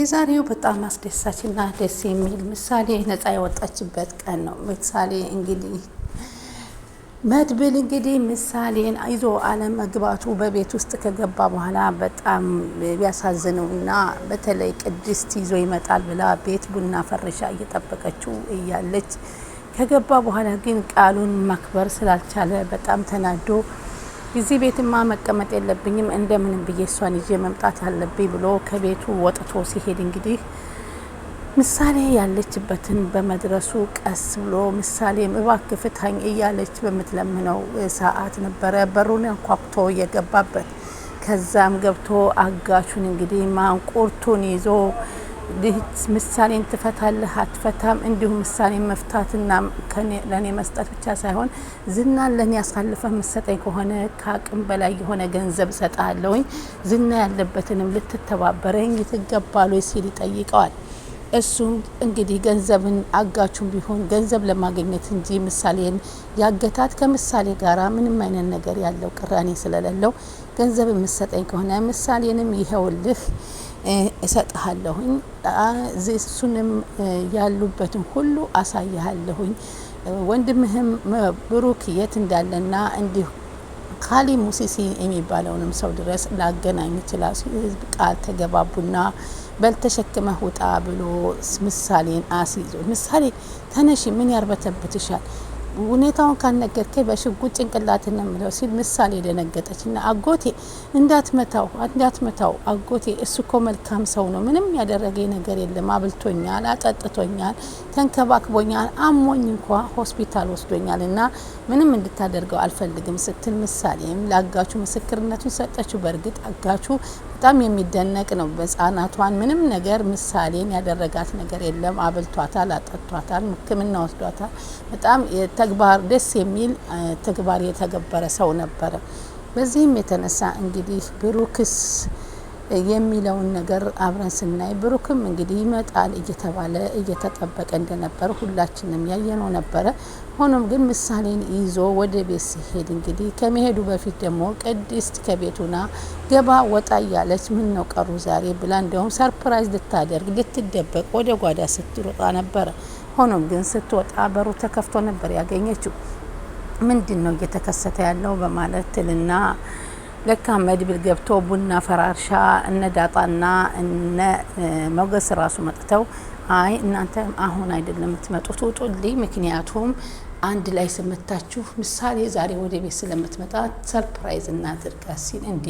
የዛሬው በጣም አስደሳችና ደስ የሚል ምሳሌ ነፃ የወጣችበት ቀን ነው። ምሳሌ እንግዲህ መድብል እንግዲህ ምሳሌን ይዞ አለመግባቱ በቤት ውስጥ ከገባ በኋላ በጣም ቢያሳዝነው እና በተለይ ቅድስት ይዞ ይመጣል ብላ ቤት ቡና ፈርሻ እየጠበቀችው እያለች ከገባ በኋላ ግን ቃሉን ማክበር ስላልቻለ በጣም ተናዶ እዚህ ቤትማ መቀመጥ የለብኝም እንደምንም ብዬ እሷን ይዤ መምጣት አለብኝ ብሎ ከቤቱ ወጥቶ ሲሄድ እንግዲህ ምሳሌ ያለችበትን በመድረሱ ቀስ ብሎ ምሳሌ እባክህ ፍታኝ እያለች በምትለምነው ሰዓት ነበረ በሩን አንኳኩቶ የገባበት። ከዛም ገብቶ አጋቹን እንግዲህ ማንቁርቱን ይዞ ምሳሌን ትፈታለህ አትፈታም፣ እንዲሁም ምሳሌን መፍታትና ለእኔ መስጠት ብቻ ሳይሆን ዝናን ለእኔ አሳልፈህ የምትሰጠኝ ከሆነ ከአቅም በላይ የሆነ ገንዘብ ሰጣለውኝ፣ ዝና ያለበትንም ልትተባበረኝ ይትገባሉ ሲል ይጠይቀዋል። እሱም እንግዲህ ገንዘብን አጋቹም ቢሆን ገንዘብ ለማግኘት እንጂ ምሳሌን ያገታት ከምሳሌ ጋራ ምንም አይነት ነገር ያለው ቅራኔ ስለሌለው ገንዘብ የምሰጠኝ ከሆነ ምሳሌንም ይኸውልህ እሰጥሃለሁኝ እሱንም ያሉበትም ሁሉ አሳይሃለሁኝ። ወንድምህም ብሩክ የት እንዳለና እንዲሁ ካሊ ሙሲሲ የሚባለውንም ሰው ድረስ ላገናኝ ይችላል። ህዝብ ቃል ተገባቡና በልተሸክመህ ውጣ ብሎ ምሳሌን አስይዞ ምሳሌ ተነሽ፣ ምን ያርበተብትሻል? ሁኔታውን ካልነገርከኝ በሽጉጥ ጭንቅላት ነው የምለው ሲል ምሳሌ ደነገጠች እና አጎቴ እንዳትመታው እንዳትመታው አጎቴ እሱ ኮ መልካም ሰው ነው ምንም ያደረገ ነገር የለም አብልቶኛል አጠጥቶኛል ተንከባክቦኛል አሞኝ እንኳ ሆስፒታል ወስዶኛል እና ምንም እንድታደርገው አልፈልግም ስትል ምሳሌም ለአጋቹ ምስክርነቱን ሰጠችው በእርግጥ አጋቹ በጣም የሚደነቅ ነው። በህጻናቷን ምንም ነገር ምሳሌን ያደረጋት ነገር የለም። አብልቷታል፣ አጠጥቷታል፣ ሕክምና ወስዷታል። በጣም ተግባር ደስ የሚል ተግባር የተገበረ ሰው ነበረ። በዚህም የተነሳ እንግዲህ ብሩክስ የሚለውን ነገር አብረን ስናይ ብሩክም እንግዲህ ይመጣል እየተባለ እየተጠበቀ እንደነበረ ሁላችንም ያየነው ነበረ። ሆኖም ግን ምሳሌን ይዞ ወደ ቤት ሲሄድ እንግዲህ ከመሄዱ በፊት ደግሞ ቅድስት ከቤቱና ገባ ወጣ እያለች ምን ነው ቀሩ ዛሬ ብላ እንዲሁም ሰርፕራይዝ ልታደርግ ልትደበቅ ወደ ጓዳ ስትሮጣ ነበረ። ሆኖም ግን ስትወጣ በሩ ተከፍቶ ነበር ያገኘችው። ምንድን ነው እየተከሰተ ያለው በማለት ትልና ለካ መድብል ገብቶ ቡና ፈራርሻ እነ ዳጣና እነ ሞገስ ራሱ መጥተው አይ እናንተ አሁን አይደለም የምትመጡት ውጡልኝ፣ ምክንያቱም አንድ ላይ ስመታችሁ ምሳሌ ዛሬ ወደ ቤት ስለምትመጣ ሰርፕራይዝ እናድርጋት ሲል እንዴ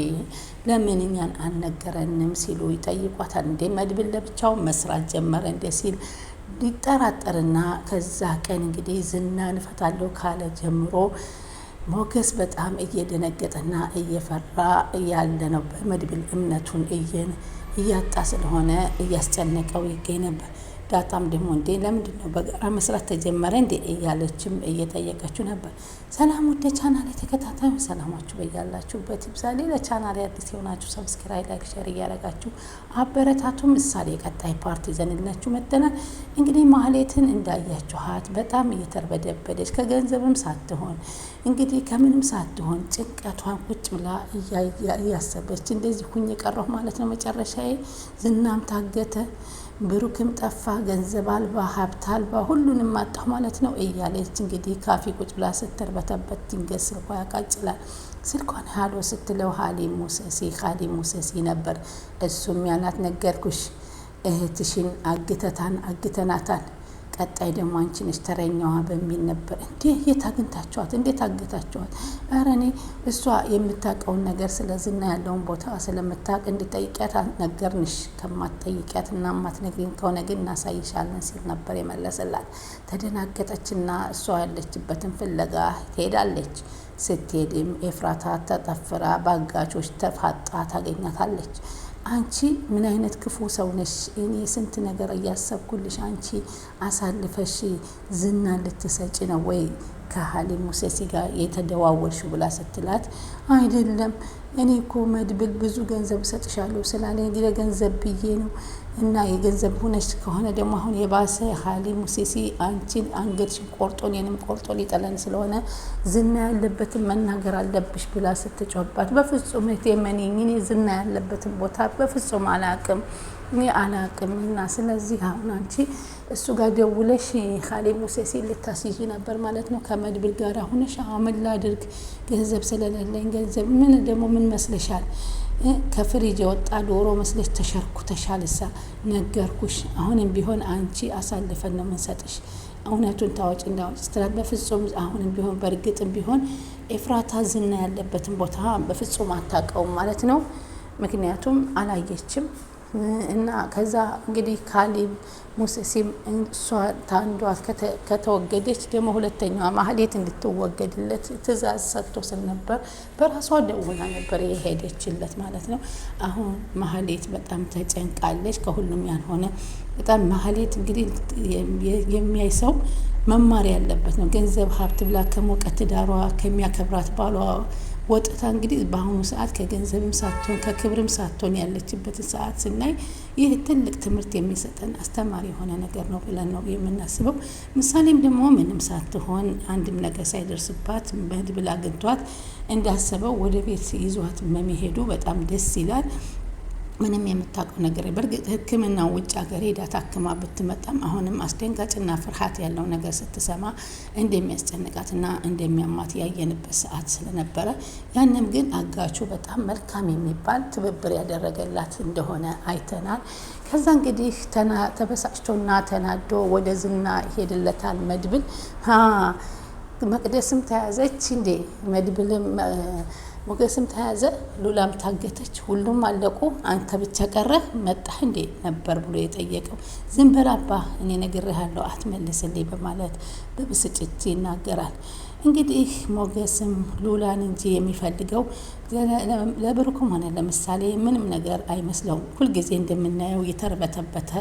ለምን እኛን አልነገረንም ሲሉ ይጠይቋታል። እንዴ መድብል ለብቻው መስራት ጀመረ እንዴ ሲል ሊጠራጠርና ከዛ ቀን እንግዲህ ዝናን እፈታለሁ ካለ ጀምሮ ሞገስ በጣም እየደነገጠና እየፈራ ያለ ነው። በመድብል እምነቱን እየን እያጣ ስለሆነ እያስጨነቀው ይገኝ ነበር። ዳጣም ደግሞ እንዴ ለምንድን ነው በጋራ መስራት ተጀመረ እንዴ እያለችም እየጠየቀችው ነበር። ሰላም ወደ ቻናል የተከታታዩ ሰላማችሁ በያላችሁበት ይብዛሌ። ለቻናል አዲስ የሆናችሁ ሰብስክራይብ፣ ላይክ፣ ሸር እያደረጋችሁ አበረታቱ። ምሳሌ ቀጣይ ፓርቲ ዘንላችሁ መጥተናል። እንግዲህ ማህሌትን እንዳያችኋት በጣም እየተርበደበደች ከገንዘብም ሳትሆን እንግዲህ ከምንም ሳትሆን ጭንቀቷን ቁጭ ብላ እያሰበች እንደዚህ ሁኝ የቀረሁ ማለት ነው መጨረሻዬ ዝናም ታገተ ብሩክም ጠፋ፣ ገንዘብ አልባ፣ ሀብት አልባ፣ ሁሉንም አጣሁ ማለት ነው እያለች እንግዲህ ካፊ ቁጭ ብላ ስትርበተበት ድንገት ስልኳ ያቃጭላል። ስልኳን ሀሎ ስትለው ሀሊ ሙሰሲ ሀሊ ሙሰሲ ነበር። እሱም ያላት ነገርኩሽ፣ እህትሽን አግተታን አግተናታል ቀጣይ ደግሞ አንቺ ነሽ ተረኛዋ በሚል ነበር። እንዴ የት አግኝታችኋት? እንዴት አግኝታችኋት? ኧረ እኔ እሷ የምታውቀውን ነገር ስለዝና ያለውን ቦታ ስለምታውቅ እንድጠይቂያት ነገርንሽ። ከማትጠይቂያት እና ማትነግሪን ከሆነ ግን እናሳይሻለን ሲል ነበር የመለሰላት። ተደናገጠችና እሷ ያለችበትን ፍለጋ ትሄዳለች። ስትሄድም ኤፍራታ ተጠፍራ በአጋቾች ተፋጣ ታገኛታለች። አንቺ ምን አይነት ክፉ ሰው ነሽ? እኔ ስንት ነገር እያሰብኩልሽ አንቺ አሳልፈሽ ዝና ልትሰጪ ነው ወይ ከሀሊም ሙሴሲ ጋር የተደዋወልሽ ብላ ስትላት፣ አይደለም እኔ እኮ መድብል ብዙ ገንዘብ እሰጥሻለሁ ስላለ ለገንዘብ ብዬ ነው እና የገንዘብ ሆነች ከሆነ ደግሞ አሁን የባሰ ሀሊ ሙሴሲ አንቺን አንገድሽን ቆርጦ እኔንም ቆርጦ ሊጠለን ስለሆነ ዝና ያለበትን መናገር አለብሽ ብላ ስትጮባት፣ በፍጹም የመኔኝ እኔ ዝና ያለበትን ቦታ በፍጹም አላቅም እኔ አላቅም። እና ስለዚህ አሁን አንቺ እሱ ጋር ደውለሽ ሀሊ ሙሴሲ ልታስይዥ ነበር ማለት ነው። ከመድብል ጋር ሁነሽ አሁን ምን ላድርግ ገንዘብ ስለሌለኝ ገንዘብ ምን ደግሞ ምን መስለሻል ከፍሪጅ የወጣ ዶሮ መስለሽ ተሸርኩ ተሻልሳ ነገርኩሽ። አሁንም ቢሆን አንቺ አሳልፈን ነው ምንሰጥሽ እውነቱን ታወጭ እንዳወጭ ስትላት በፍጹም አሁንም ቢሆን በእርግጥም ቢሆን ኤፍራታ ዝና ያለበትን ቦታ በፍጹም አታውቀውም ማለት ነው። ምክንያቱም አላየችም። እና ከዛ እንግዲህ ካሊብ ሙሴሲም እሷ ታንዷ ከተወገደች ደግሞ ሁለተኛዋ ማህሌት እንድትወገድለት ትእዛዝ ሰጥቶ ስለነበር በራሷ ደውላ ነበር የሄደችለት ማለት ነው። አሁን ማህሌት በጣም ተጨንቃለች። ከሁሉም ያልሆነ በጣም ማህሌት እንግዲህ የሚያይ ሰው መማር ያለበት ነው። ገንዘብ ሀብት ብላ ከሞቀ ትዳሯ ከሚያከብራት ባሏ ወጥታ እንግዲህ በአሁኑ ሰዓት ከገንዘብም ሳትሆን ከክብርም ሳትሆን ያለችበትን ሰዓት ስናይ ይህ ትልቅ ትምህርት የሚሰጠን አስተማሪ የሆነ ነገር ነው ብለን ነው የምናስበው። ምሳሌም ደግሞ ምንም ሳትሆን አንድም ነገር ሳይደርስባት መድብል አግኝቷት እንዳሰበው ወደ ቤት ይዟት መሄዱ በጣም ደስ ይላል። ምንም የምታውቀው ነገር በእርግጥ ሕክምና ውጭ ሀገር ሄዳ ታክማ ብትመጣም አሁንም አስደንጋጭና ፍርሃት ያለው ነገር ስትሰማ እንደሚያስጨንቃትና እንደሚያማት ያየንበት ሰዓት ስለነበረ ያንም ግን አጋቹ በጣም መልካም የሚባል ትብብር ያደረገላት እንደሆነ አይተናል። ከዛ እንግዲህ ተበሳጭቶና ተናዶ ወደ ዝና ይሄድለታል መድብል መቅደስም ተያዘች እንዴ መድብልም ሞገስም ተያዘ፣ ሉላም ታገተች፣ ሁሉም አለቁ። አንተ ብቻ ቀረህ መጣህ እንዴ ነበር ብሎ የጠየቀው። ዝም በል እኔ ነግሬሃለሁ አትመልስልኝ በማለት በብስጭት ይናገራል። እንግዲህ ሞገስም ሉላን እንጂ የሚፈልገው ለብሩክም ሆነ ለምሳሌ ምንም ነገር አይመስለውም። ሁልጊዜ እንደምናየው የተርበተበተ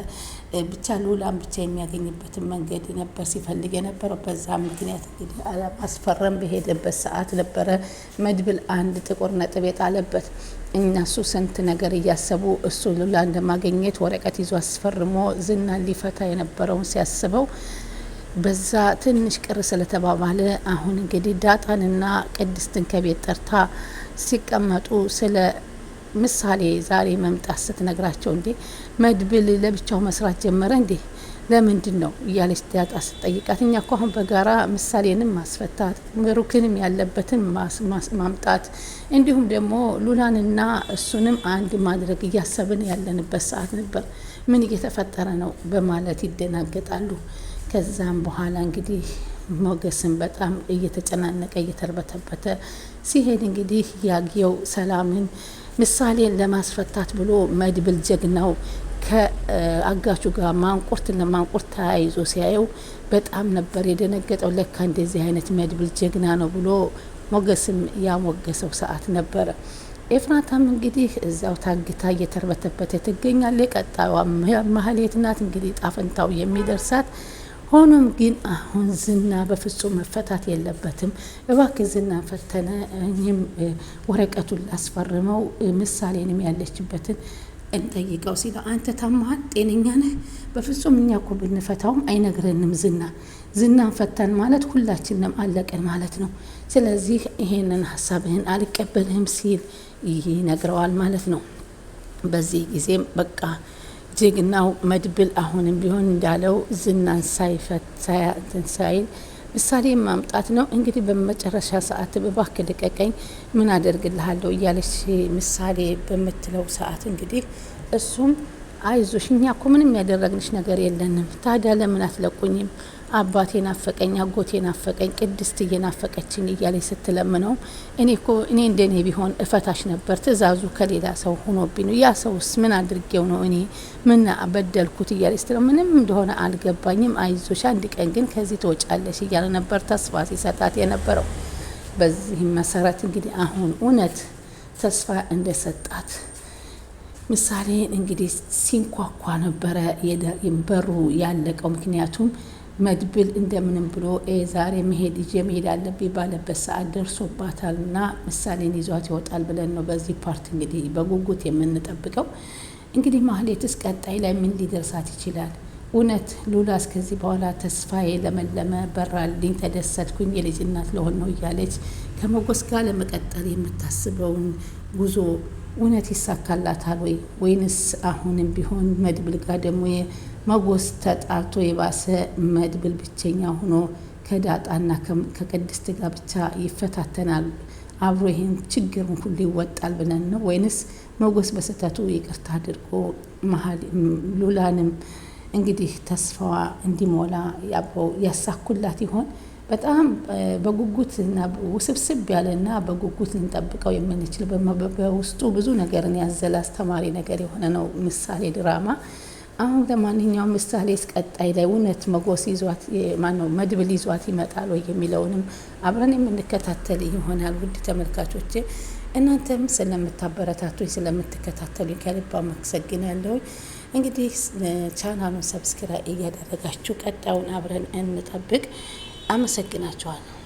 ብቻ ሉላን ብቻ የሚያገኝበትን መንገድ ነበር ሲፈልግ የነበረው። በዛ ምክንያት እንግዲህ አለማስፈረም በሄደበት ሰዓት ነበረ መድብል አንድ ጥቁር ነጥብ የጣለበት። እነሱ ስንት ነገር እያሰቡ እሱ ሉላን እንደማገኘት ወረቀት ይዞ አስፈርሞ ዝናን ሊፈታ የነበረውን ሲያስበው በዛ ትንሽ ቅር ስለተባባለ አሁን እንግዲህ ዳጣንና ቅድስትን ከቤት ጠርታ ሲቀመጡ ስለ ምሳሌ ዛሬ መምጣት ስትነግራቸው እንዴ መድብል ለብቻው መስራት ጀመረ እንዴ ለምንድን ነው እያለች ዳጣ ስትጠይቃት፣ እኛ እኮ አሁን በጋራ ምሳሌንም ማስፈታት ምሩክንም ያለበትን ማምጣት እንዲሁም ደግሞ ሉላንና እሱንም አንድ ማድረግ እያሰብን ያለንበት ሰዓት ነበር። ምን እየተፈጠረ ነው በማለት ይደናገጣሉ። ከዛም በኋላ እንግዲህ ሞገስን በጣም እየተጨናነቀ እየተርበተበተ ሲሄድ እንግዲህ ያየው ሰላምን ምሳሌን ለማስፈታት ብሎ መድብል ጀግናው ከአጋቹ ጋር ማንቁርት ለማንቁርት ተያይዞ ሲያየው በጣም ነበር የደነገጠው። ለካ እንደዚህ አይነት መድብል ጀግና ነው ብሎ ሞገስም ያሞገሰው ሰዓት ነበረ። ኤፍራታም እንግዲህ እዚያው ታግታ እየተርበተበተ ትገኛለች። ቀጣዩ ማህሌት ናት እንግዲህ ጣፈንታው የሚደርሳት ሆኖም ግን አሁን ዝና በፍጹም መፈታት የለበትም። እባክ ዝና ፈተነ፣ እኔም ወረቀቱን ላስፈርመው፣ ምሳሌንም ያለችበትን እንጠይቀው ሲለው አንተ ታማሃል? ጤነኛ ነህ? በፍጹም እኛ ኮ ብንፈታውም አይነግረንም ዝና። ዝናን ፈተን ማለት ሁላችንም አለቀን ማለት ነው። ስለዚህ ይሄንን ሀሳብህን አልቀበልህም ሲል ይነግረዋል ማለት ነው። በዚህ ጊዜም በቃ ጀግናው መድብል አሁንም ቢሆን እንዳለው ዝናን ሳይፈት ሳይል ምሳሌ ማምጣት ነው እንግዲህ በመጨረሻ ሰዓት እባክህ ልቀቀኝ፣ ምን አደርግልሃለሁ እያለች ምሳሌ በምትለው ሰዓት እንግዲህ እሱም አይዞሽ፣ እኛ እኮ ምንም ያደረግንሽ ነገር የለንም፣ ታዲያ ለምን አትለቁኝም? አባቴ ናፈቀኝ፣ አጎቴ ናፈቀኝ፣ ቅድስት ናፈቀችኝ እያለ ስትለምነው እኔ እኮ እኔ እንደኔ ቢሆን እፈታሽ ነበር፣ ትእዛዙ ከሌላ ሰው ሆኖብኝ ነው። ያ ሰውስ ምን አድርጌው ነው እኔ ምን በደልኩት እያለ ስትለው ምንም እንደሆነ አልገባኝም፣ አይዞሽ፣ አንድ ቀን ግን ከዚህ ትወጫለሽ እያለ ነበር ተስፋ ሲሰጣት የነበረው። በዚህም መሰረት እንግዲህ አሁን እውነት ተስፋ እንደሰጣት ምሳሌን እንግዲህ ሲንኳኳ ነበረ በሩ ያለቀው ምክንያቱም መድብል እንደምንም ብሎ ዛሬ መሄድ ይዤ መሄድ አለብኝ ባለበት ሰዓት ደርሶባታል እና ምሳሌን ይዟት ይወጣል ብለን ነው በዚህ ፓርት እንግዲህ በጉጉት የምንጠብቀው። እንግዲህ ማህሌትስ ቀጣይ ላይ ምን ሊደርሳት ይችላል? እውነት ሉላስ ከዚህ በኋላ ተስፋዬ ለመለመ፣ በራልኝ፣ ተደሰትኩኝ፣ የልጅ እናት ለሆን ነው እያለች ከመጎስ ጋር ለመቀጠል የምታስበውን ጉዞ እውነት ይሳካላታል ወይ? ወይንስ አሁንም ቢሆን መድብል ጋር ደግሞ መጎስ ተጣርቶ የባሰ መድብል ብቸኛ ሆኖ ከዳጣና ከቅድስት ጋር ብቻ ይፈታተናል። አብሮ ይህን ችግርን ሁሉ ይወጣል ብለን ነው ወይንስ መጎስ በስህተቱ ይቅርታ አድርጎ መሀል ሉላንም እንግዲህ ተስፋዋ እንዲሞላ አብረው ያሳኩላት ይሆን? በጣም እና ውስብስብ ያለና በጉጉት ልንጠብቀው የምንችል በውስጡ ብዙ ነገርን ያዘለ አስተማሪ ነገር የሆነ ነው ምሳሌ ድራማ አሁን ለማንኛውም ምሳሌ እስቀጣይ ላይ እውነት መጎስ ይዟት ማነው መድብል ይዟት ይመጣል ወይ የሚለውንም አብረን የምንከታተል ይሆናል። ውድ ተመልካቾቼ እናንተም ስለምታበረታቱኝ ስለምትከታተሉኝ ከልብ አመሰግናለሁ። እንግዲህ ቻናሉን ሰብስክራይብ እያደረጋችሁ ቀጣዩን አብረን እንጠብቅ። አመሰግናችኋለሁ።